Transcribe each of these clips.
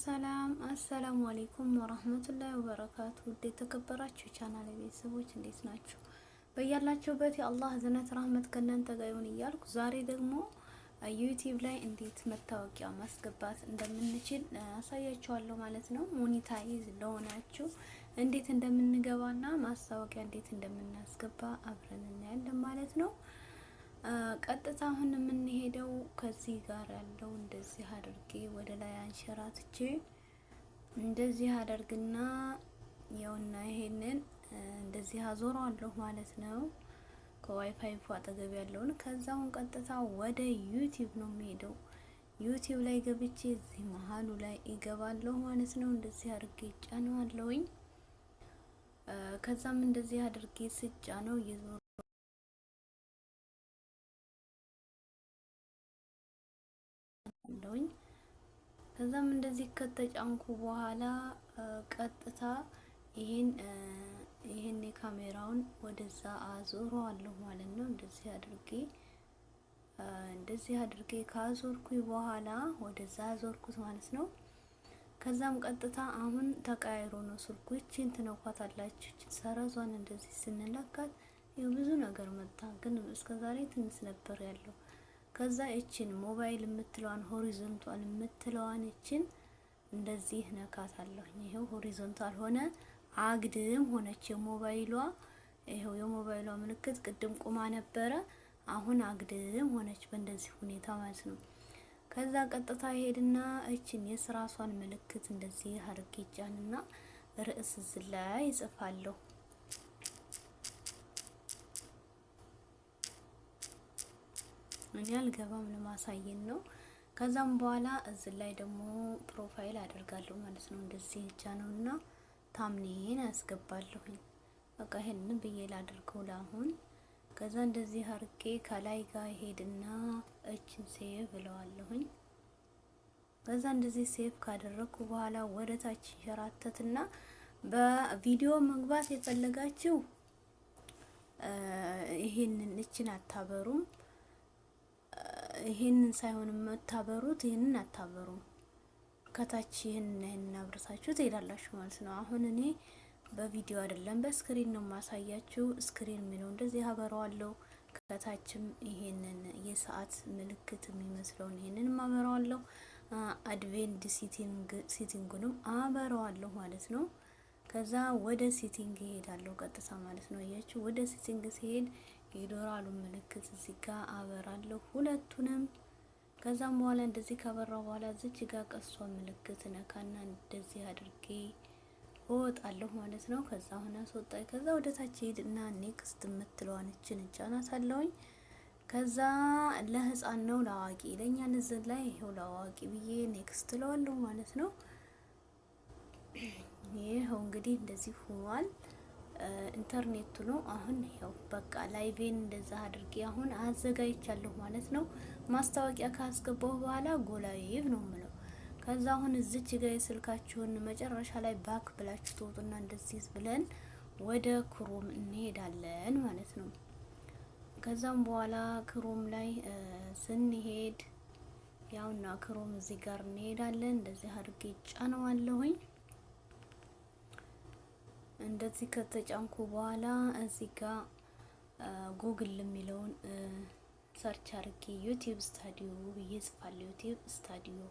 ሰላም አሰላሙ አሌይኩም ወረህመቱላሂ ወበረካቱ። ውድ የተከበራችሁ ቻናል ቤተሰቦች እንዴት ናችሁ? በያላችሁበት የአላህ እዝነት ራህመት ከእናንተ ጋር ይሁን እያልኩ ዛሬ ደግሞ ዩቲዩብ ላይ እንዴት መታወቂያ ማስገባት እንደምንችል አሳያችኋለሁ ማለት ነው። ሞኒታይዝ ለሆናችሁ እንዴት እንደምንገባና ማስታወቂያ እንዴት እንደምናስገባ አብረን እናያለን ማለት ነው። ቀጥታ አሁን የምንሄደው ከዚህ ጋር ያለው እንደዚህ አድርጌ ወደ ላይ አንሸራትቼ እንደዚህ አደርግና የውና ይሄንን እንደዚህ አዞረዋለሁ ማለት ነው። ከዋይፋይ አጠገብ ያለውን ከዛውን ቀጥታ ወደ ዩቲዩብ ነው የሚሄደው። ዩቲዩብ ላይ ገብቼ እዚህ መሀሉ ላይ ይገባለሁ ማለት ነው። እንደዚህ አድርጌ ጫነዋለሁኝ። ከዛም እንደዚህ አድርጌ ስጫ ነው ከዛም እንደዚህ ከተጫንኩ በኋላ ቀጥታ ይሄን ይሄን የካሜራውን ወደዛ አዞረዋለሁ ማለት ነው። እንደዚህ አድርጌ እንደዚህ አድርጌ ካዞርኩኝ በኋላ ወደዛ አዞርኩት ማለት ነው። ከዛም ቀጥታ አሁን ተቃይሮ ነው ስልኩ። ይቺን ትነኳታላችሁ። ይቺን ሰረዟን እንደዚህ ስንለካት ብዙ ነገር መጣ፣ ግን እስከዛሬ ትንሽ ነበር ያለው። ከዛ እችን ሞባይል የምትለዋን ሆሪዞንታል የምትለዋን እችን እንደዚህ ነካት አለሁኝ። ይሄው ሆሪዞንታል ሆነ፣ አግድም ሆነች የሞባይሏ። ይሄው የሞባይሏ ምልክት ቅድም ቁማ ነበረ፣ አሁን አግድም ሆነች በእንደዚህ ሁኔታ ማለት ነው። ከዛ ቀጥታ ይሄድና እችን የስራሷን ምልክት እንደዚህ አርጌ ጫንና ርዕስ እዚህ ላይ ነው። እኔ አልገባም ለማሳየን ነው። ከዛም በኋላ እዚህ ላይ ደግሞ ፕሮፋይል አደርጋለሁ ማለት ነው። እንደዚህ እጃ ነው እና ታምኔን አስገባለሁኝ። በቃ ይሄንን ብዬ ላድርገው ለአሁን። ከዛ እንደዚህ አርጌ ከላይ ጋር ሄድና እችን ሴቭ ብለዋለሁኝ። ከዛ እንደዚህ ሴቭ ካደረግኩ በኋላ ወደ ታች ሸራተትና በቪዲዮ መግባት የፈለጋችሁ ይሄንን እችን አታበሩም ይህንን ሳይሆን የምታበሩት ይህንን አታበሩም። ከታች ይህንን ይህንን አብርታችሁ ትሄዳላችሁ ማለት ነው። አሁን እኔ በቪዲዮ አይደለም በስክሪን ነው ማሳያችሁ። ስክሪን የሚለው እንደዚህ አበረዋለሁ። ከታችም ይሄንን የሰዓት ምልክት የሚመስለውን ይሄንን አበረዋለሁ። አድቬንድ ሲቲንጉንም አበረዋለሁ ማለት ነው። ከዛ ወደ ሴቲንግ ይሄዳለሁ ቀጥታ ማለት ነው። እያችሁ ወደ ሴቲንግ ሲሄድ የዶራሉን ምልክት እዚህ ጋር አበራለሁ ሁለቱንም። ከዛም በኋላ እንደዚህ ካበራው በኋላ እዚች ጋር ቀስቷ ምልክት ነካና እንደዚህ አድርጌ እወጣለሁ ማለት ነው። ከዛ አሁን አስወጣኝ። ከዛ ወደ ታች ሄድና ኔክስት የምትለዋን እችን እጫናታለሁኝ። ከዛ ለህፃን ነው ለአዋቂ ለእኛ ንዝን ላይ ይኸው ለአዋቂ ብዬ ኔክስት እለዋለሁ ማለት ነው። ይኸው እንግዲህ እንደዚህ ሆኗል። ኢንተርኔቱ ነው አሁን ያው በቃ ላይቬን እንደዛ አድርጌ አሁን አዘጋጅቻለሁ ማለት ነው። ማስታወቂያ ካስገባሁ በኋላ ጎላይቭ ነው የምለው። ከዛ አሁን እዚች ጋር የስልካችሁን መጨረሻ ላይ ባክ ብላችሁ ትወጡና እንደዚህ ብለን ወደ ክሮም እንሄዳለን ማለት ነው። ከዛም በኋላ ክሮም ላይ ስንሄድ ያውና ክሮም እዚህ ጋር እንሄዳለን። እንደዚህ አድርጌ ጫነዋለሁኝ። እንደዚህ ከተጫንኩ በኋላ እዚህ ጋር ጉግል የሚለውን ሰርች አድርጌ ዩቲዩብ ስታዲዮ ብዬ ጽፋለሁ። ዩቲዩብ ስታዲዮ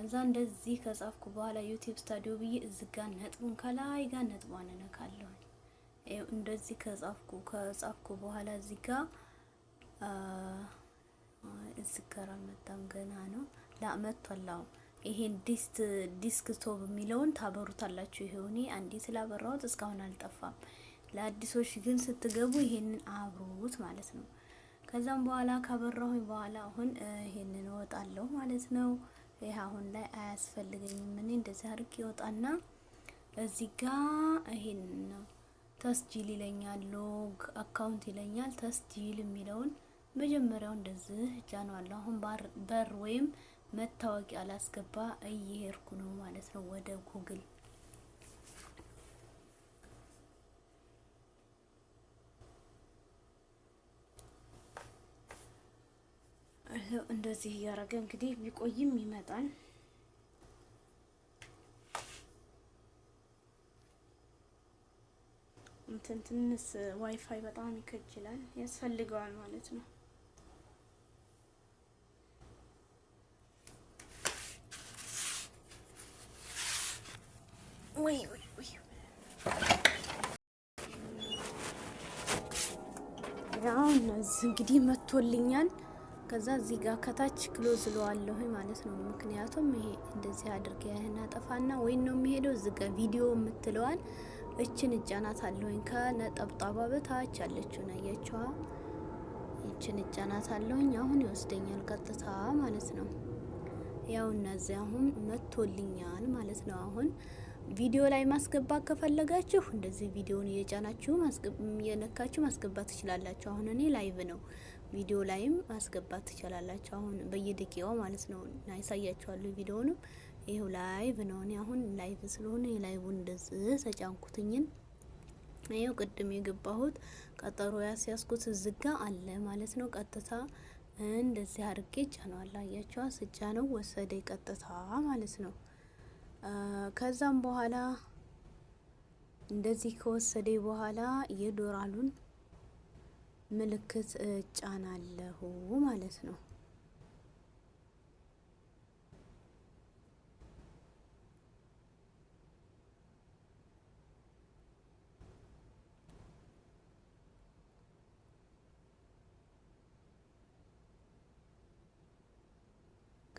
እዛ እንደዚህ ከጻፍኩ በኋላ ዩቲዩብ ስታዲዮ ብዬ እዚህ ጋር ነጥቡን ከላይ ጋር ነጥቧን እነካለሁ። እንደዚህ ከጻፍኩ ከጻፍኩ በኋላ እዚህ ጋር እዚህ ጋር አልመጣም ገና ነው ላ መጥቷል። ይሄን ዲስት ዲስክ ቶፕ የሚለውን ታበሩታላችሁ። እኔ አንዴ ስላበራሁት እስካሁን አልጠፋም። ለአዲሶች ግን ስትገቡ ይሄንን አብሩት ማለት ነው። ከዛም በኋላ ካበራሁኝ በኋላ አሁን ይሄንን እወጣለሁ ማለት ነው። ይሄ አሁን ላይ አያስፈልገኝም። እኔ እንደዚህ አርግ ይወጣና እዚህ ጋር ይሄንን ተስጂል ይለኛል፣ ሎግ አካውንት ይለኛል። ተስጂል የሚለውን መጀመሪያው እንደዚህ ጫነዋለሁ። አሁን በር ወይም መታወቂያ ላስገባ እየሄድኩ ነው ማለት ነው ወደ ጉግል እንደዚህ እያደረገ እንግዲህ ቢቆይም ይመጣል። እንትን ትንስ ዋይፋይ በጣም ይከጅላል፣ ያስፈልገዋል ማለት ነው። ውይ ውይ ውይ ያው እነዚህ እንግዲህ መቶልኛል። ከዛ እዚህ ጋር ከታች ክሎዝ ለዋለሁ ማለት ነው። ምክንያቱም ይሄ እንደዚህ አድርገ ያህን አጠፋና ወይን ነው የሚሄደው። እዚህ ጋር ቪዲዮ የምትለዋል እችን አለሁኝ። ከነጠብጣባ በታች ያለችውን አያችኋ? እችን አለሁኝ። አሁን ይወስደኛል ቀጥታ ማለት ነው። ያው እነዚህ አሁን መቶልኛል ማለት ነው አሁን ቪዲዮ ላይ ማስገባት ከፈለጋችሁ እንደዚህ ቪዲዮን እየጫናችሁ እየነካችሁ ማስገባት ትችላላችሁ። አሁን እኔ ላይቭ ነው፣ ቪዲዮ ላይም ማስገባት ትችላላችሁ። አሁን በየደቂቃው ማለት ነው ያሳያችኋለሁ። ቪዲዮንም ይኸው ላይቭ ነው። እኔ አሁን ላይቭ ስለሆነ የላይቡን እንደዚህ ተጫንኩትኝን ይኸው ቅድም የገባሁት ቀጠሮ ያስያዝኩት ዝጋ አለ ማለት ነው። ቀጥታ እንደዚህ አድርጌ ጫነዋል። አያችኋ ስጫ ነው ወሰደ ቀጥታ ማለት ነው። ከዛም በኋላ እንደዚህ ከወሰደ በኋላ የዶራሉን ምልክት እጫናለሁ ማለት ነው።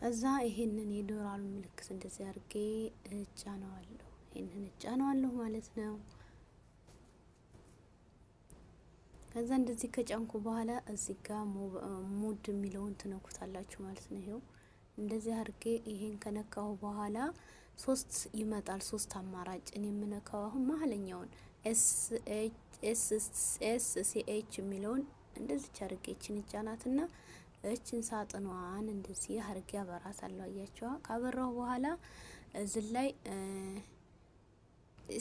ከዛ ይሄንን የዶራሉ ምልክት እንደዚህ አድርጌ እጫነዋለሁ። ይሄንን እጫነዋለሁ ማለት ነው። ከዛ እንደዚህ ከጫንኩ በኋላ እዚህ ጋር ሙድ የሚለውን ትነኩታላችሁ ማለት ነው። ይሄው እንደዚህ አድርጌ ይሄን ከነካሁ በኋላ ሶስት ይመጣል። ሶስት አማራጭ እኔ የምነካው አሁን መሀለኛውን ኤስ ኤስ ሲ ኤች የሚለውን እንደዚህ አድርጌ እችን እችን ሳጥኗን እንደዚህ አርጌ አለው። አያችዋ ካበራሁ በኋላ እዚህ ላይ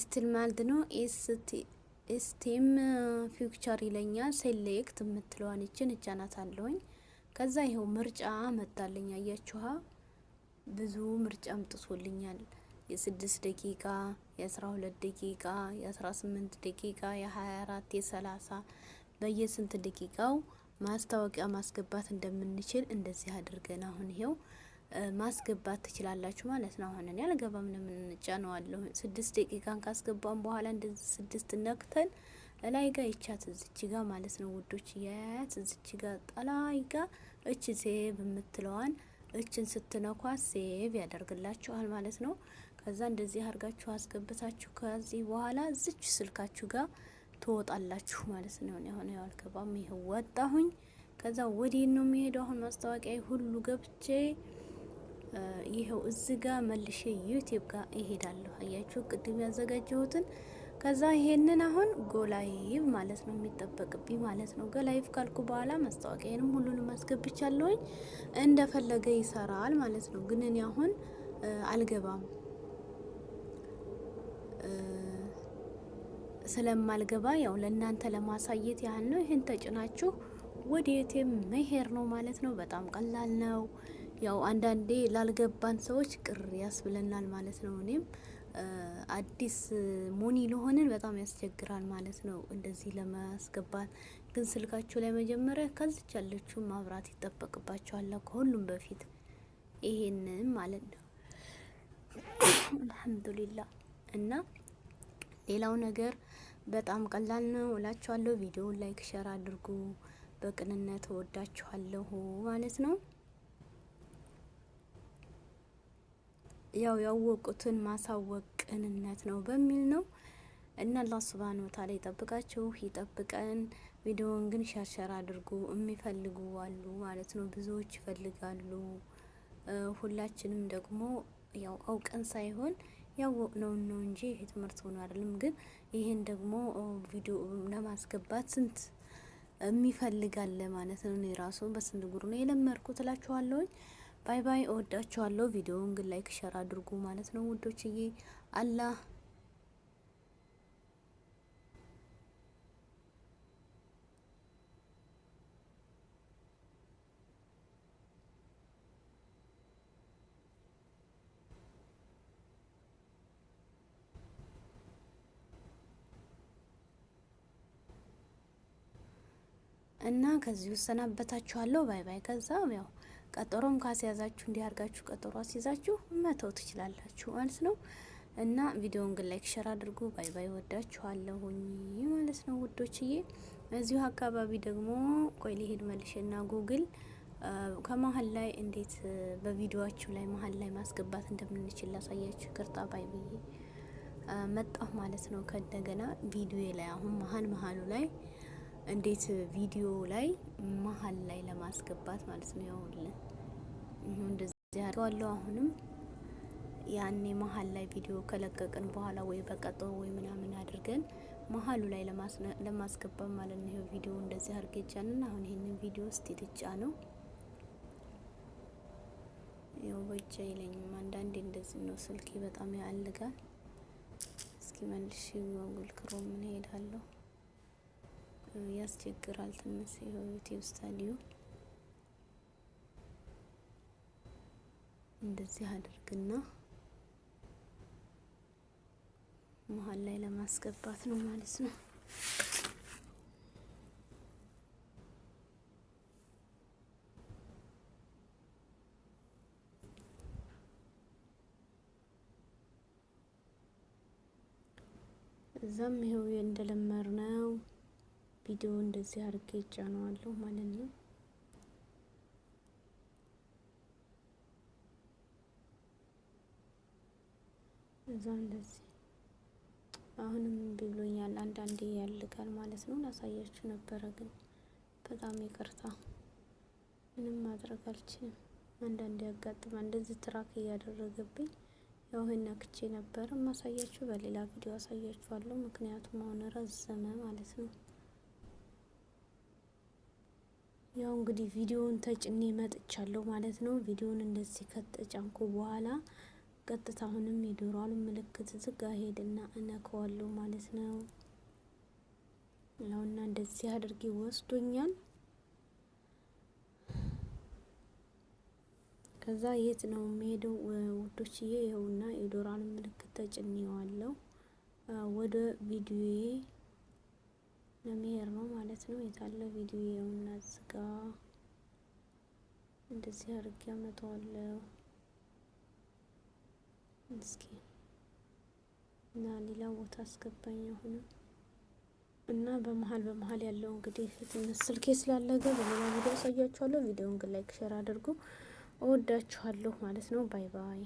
ስቲል ማልድ ነው ስቲም ፊክቸር ይለኛል። ሴሌክት የምትለዋን እችን እጫናት አለውኝ። ከዛ ይኸው ምርጫ መጣልኝ። አያችኋ ብዙ ምርጫ ምጥቶልኛል። የስድስት ደቂቃ የአስራ ሁለት ደቂቃ የአስራ ስምንት ደቂቃ የሀያ አራት የሰላሳ በየስንት ደቂቃው ማስታወቂያ ማስገባት እንደምንችል እንደዚህ አድርገን አሁን ይሄው ማስገባት ትችላላችሁ ማለት ነው። አሁን እኔ ለምንጫ ነው ጫነዋለሁ። ስድስት ደቂቃን ካስገባን በኋላ እንደዚህ ስድስት ነክተን ላይ ጋ ይቻት እዚች ጋ ማለት ነው ውዶች፣ እያያት እዚች ጋ ጠላይ ጋ እች ሴቭ የምትለዋን እችን ስትነኳ ሴቭ ያደርግላችኋል ማለት ነው። ከዛ እንደዚህ አድርጋችሁ አስገብታችሁ ከዚህ በኋላ እዚች ስልካችሁ ጋር ትወጣላችሁ ማለት ነው። አሁን ያው አልገባም፣ ይኸው ወጣሁኝ። ከዛ ወዲህ ነው የሚሄደው። አሁን ማስታወቂያ ሁሉ ገብቼ ይኸው እዚህ ጋር መልሼ ዩቲዩብ ጋር እሄዳለሁ። አያችሁ ቅድም ያዘጋጀሁትን ከዛ ይሄንን አሁን ጎላይቭ ማለት ነው የሚጠበቅብኝ ማለት ነው። ጎላይቭ ካልኩ በኋላ ማስታወቂያንም ሁሉንም አስገብቻለሁኝ እንደፈለገ ይሰራል ማለት ነው። ግን እኔ አሁን አልገባም ስለማልገባ ያው ለእናንተ ለማሳየት ያህል ነው። ይህን ተጭናችሁ ወደ የቴም ነው ማለት ነው። በጣም ቀላል ነው። ያው አንዳንዴ ላልገባን ሰዎች ቅር ያስብለናል ማለት ነው። እኔም አዲስ ሞኒ ለሆንን በጣም ያስቸግራል ማለት ነው። እንደዚህ ለማስገባት ግን ስልካችሁ ላይ መጀመሪያ ከዚች ያለችሁ ማብራት ይጠበቅባችኋል ከሁሉም በፊት ይሄንን ማለት ነው። አልሐምዱሊላህ እና ሌላው ነገር በጣም ቀላል ነው እላችኋለሁ። ቪዲዮ ላይክ፣ ሸር አድርጉ። በቅንነት እወዳችኋለሁ ማለት ነው። ያው ያወቁትን ማሳወቅ ቅንነት ነው በሚል ነው እና አላህ ሱብሃነሁ ወተዓላ ይጠብቃችሁ ይጠብቀን። ቪዲዮውን ግን ሸርሸር አድርጉ። የሚፈልጉ አሉ ማለት ነው፣ ብዙዎች ይፈልጋሉ። ሁላችንም ደግሞ ያው አውቀን ሳይሆን ያወቅነውን ነው እንጂ ይሄ ትምህርት ሆኖ አይደለም። ግን ይሄን ደግሞ ቪዲዮ ለማስገባት ስንት የሚፈልጋለ ማለት ነው። እኔ ራሱ በስንት ጉር ነው የለመድኩት እላችኋለሁኝ። ባይ ባይ፣ እወዳችኋለሁ። ቪዲዮውን ግን ላይክ ሸር አድርጉ ማለት ነው ውዶችዬ። አላህ እና ከዚህ ውሰናበታችኋለሁ። ባይ ባይ። ከዛ ያው ቀጠሮም ካስያዛችሁ እንዲያርጋችሁ ቀጠሮ አስይዛችሁ መተው ትችላላችሁ ማለት ነው። እና ቪዲዮውን ግን ላይክ ሸር አድርጉ። ባይ ባይ። ወዳችኋለሁኝ ማለት ነው ውዶችዬ። እዚሁ አካባቢ ደግሞ ቆይ ሊሄድ መልሽና ጉግል ከመሀል ላይ እንዴት በቪዲዮአችሁ ላይ መሀል ላይ ማስገባት እንደምንችል ላሳያችሁ። ቅርጣ ባይ ብዬ መጣሁ ማለት ነው። ከእንደገና ቪዲዮ ላይ አሁን መሀል መሀሉ ላይ እንዴት ቪዲዮ ላይ መሀል ላይ ለማስገባት ማለት ነው። ያውል እንደዚህ አድርገዋለሁ። አሁንም ያኔ መሀል ላይ ቪዲዮ ከለቀቅን በኋላ ወይ በቀጠሮ ወይ ምናምን አድርገን መሀሉ ላይ ለማስገባት ማለት ነው። ቪዲዮ እንደዚህ አድርጌ ጫንን። አሁን ይሄንን ቪዲዮ እስቲ ልጫ ነው ያው በእጅ አይለኝም። አንዳንዴ እንደዚህ ነው ስልኬ በጣም ያልጋል። እስኪ መልሽ ጉግል ክሮም ምን ሄዳለሁ ያስቸግራል። ትንሽ የህይወቴ ስታዲዮ እንደዚህ አድርግና መሀል ላይ ለማስገባት ነው ማለት ነው። እዛም ይሄው እንደለመርነው ቪዲዮ እንደዚህ አድርጌ ይጫነዋለሁ ማለት ነው። እዛ እንደዚህ አሁንም ብሎኛል። አንዳንዴ ያልጋል ማለት ነው። ላሳያችሁ ነበረ ግን በጣም ይቅርታ፣ ምንም ማድረግ አልችልም። አንዳንዴ ያጋጥማ እንደዚህ ትራክ እያደረገብኝ ያውህን ነክቼ ነበረ። ማሳያችሁ በሌላ ቪዲዮ አሳያችኋለሁ። ምክንያቱም አሁን ረዘመ ማለት ነው። ያው እንግዲህ ቪዲዮውን ተጭኔ መጥቻለሁ ማለት ነው። ቪዲዮውን እንደዚህ ከተጫንኩ በኋላ ቀጥታ አሁንም የዶሯን ምልክት ዝጋ ሄድና እነከዋለሁ ማለት ነው። ያው እና እንደዚህ አድርጌ ወስዶኛል። ከዛ የት ነው የሚሄደው ውዶችዬ? ይኸውና የዶሯን ምልክት ተጭኔዋለሁ ወደ ቪዲዮዬ ለመሄድ ነው ማለት ነው። የታለው ቪዲዮ የውና ዝጋ እንደዚህ አድርጌ አመጣዋለሁ። እስኪ እና ሌላ ቦታ አስገባኝ አሁንም እና በመሀል በመሀል ያለው እንግዲህ ትንሽ ስልኬ ስላለገ በሌላ ቪዲዮ አሳያችኋለሁ። ቪዲዮውን ግን ላይክ ሼር አድርጉ። እወዳችኋለሁ ማለት ነው። ባይ ባይ